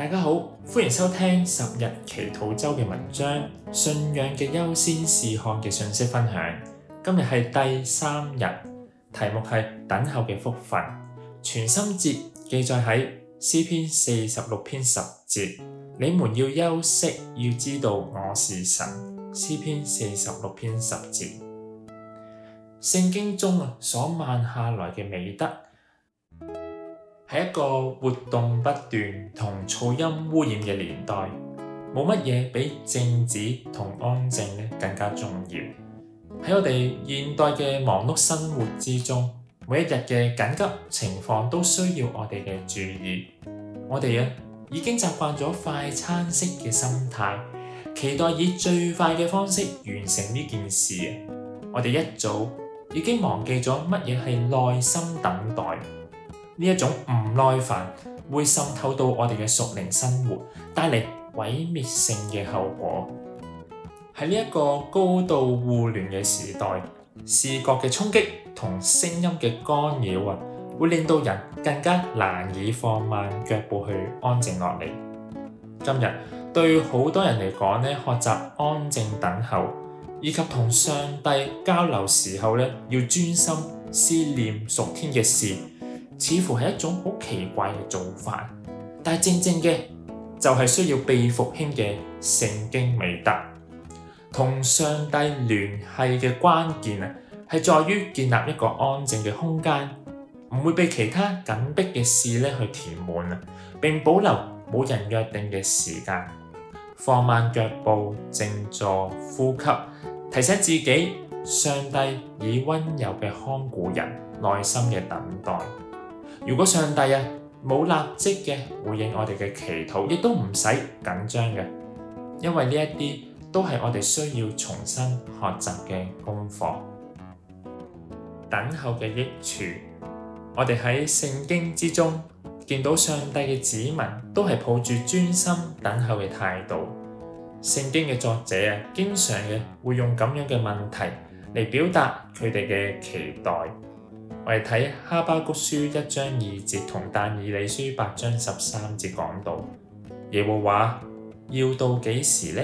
大家好，歡迎收聽十日祈禱周嘅文章，信仰嘅優先事項嘅信息分享。今日係第三日，題目係等候嘅福分。全心節記載喺詩篇四十六篇十節，你們要休息，要知道我是神。詩篇四十六篇十節，聖經中所慢下來嘅美德。喺一個活動不斷同噪音污染嘅年代，冇乜嘢比靜止同安靜更加重要。喺我哋現代嘅忙碌生活之中，每一日嘅緊急情況都需要我哋嘅注意。我哋啊，已經習慣咗快餐式嘅心態，期待以最快嘅方式完成呢件事。我哋一早已經忘記咗乜嘢係耐心等待。呢種種唔耐煩會滲透到我哋嘅屬靈生活，帶嚟毀滅性嘅後果。喺呢個個高度互聯嘅時代，視覺嘅衝擊同聲音嘅干擾啊，會令到人更加難以放慢腳步去安靜落嚟。今日對好多人嚟講，呢學習安靜等候，以及同上帝交流時候，呢要專心思念屬天嘅事。似乎係一種好奇怪嘅做法，但正正嘅就係、是、需要被復興嘅聖經美德同上帝聯繫嘅關鍵係在於建立一個安靜嘅空間，唔會被其他緊迫嘅事去填滿並並保留冇人約定嘅時間，放慢腳步，靜坐呼吸，提醒自己上帝以温柔嘅看顧人耐心嘅等待。如果上帝啊冇立即嘅回應我哋嘅祈禱，亦都唔使緊張嘅，因為呢一啲都係我哋需要重新學習嘅功課。等候嘅益處，我哋喺聖經之中見到上帝嘅子民都係抱住專心等候嘅態度。聖經嘅作者啊，經常嘅會用咁樣嘅問題嚟表達佢哋嘅期待。我哋睇哈巴谷書一章二節同但以理書八章十三節講到耶和華要到幾時呢？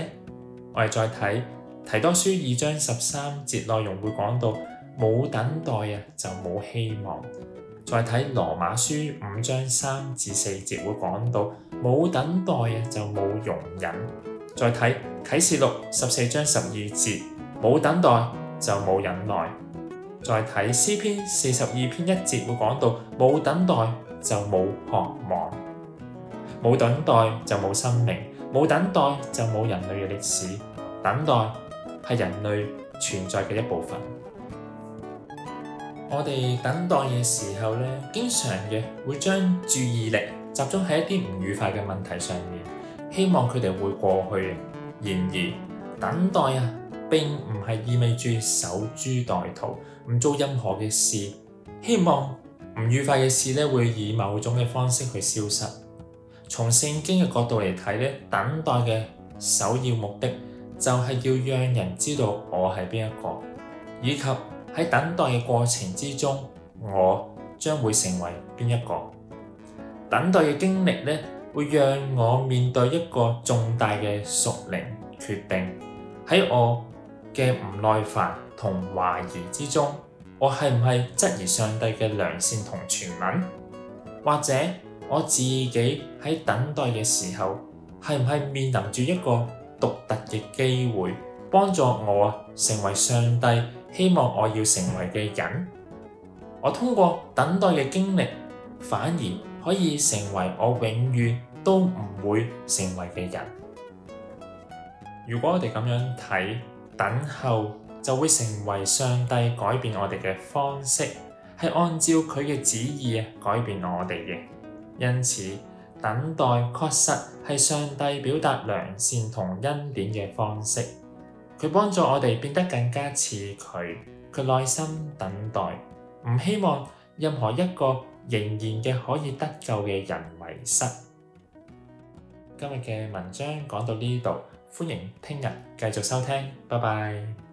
我哋再睇提多書二章十三節內容會講到冇等待啊就冇希望。再睇羅馬書五章三至四節會講到冇等待啊就冇容忍。再睇啟示錄十四章十二節冇等待就冇忍耐。再睇詩篇四十二篇一節會講到，冇等待就冇渴望，冇等待就冇生命，冇等待就冇人類嘅歷史。等待係人類存在嘅一部分。我哋等待嘅時候呢，經常嘅會將注意力集中喺一啲唔愉快嘅問題上面，希望佢哋會過去。然而，等待啊，並唔係意味住守株待兔，唔做任何嘅事，希望唔愉快嘅事咧，會以某種嘅方式去消失。從聖經嘅角度嚟睇咧，等待嘅首要目的就係要讓人知道我係邊一個，以及喺等待嘅過程之中，我將會成為邊一個。等待嘅經歷咧，會讓我面對一個重大嘅屬靈決定，喺我。嘅唔耐煩同懷疑之中，我係唔係質疑上帝嘅良善同傳聞？或者我自己喺等待嘅時候，係唔係面臨住一個獨特嘅機會，幫助我成為上帝希望我要成為嘅人？我通過等待嘅經歷，反而可以成為我永遠都唔會成為嘅人。如果我哋咁樣睇，等候就會成為上帝改變我哋嘅方式，係按照佢嘅旨意改變我哋嘅。因此，等待確實係上帝表達良善同恩典嘅方式。佢幫助我哋變得更加似佢，佢耐心等待，唔希望任何一個仍然嘅可以得救嘅人迷失。今日嘅文章講到呢度。歡迎聽日繼續收聽，拜拜。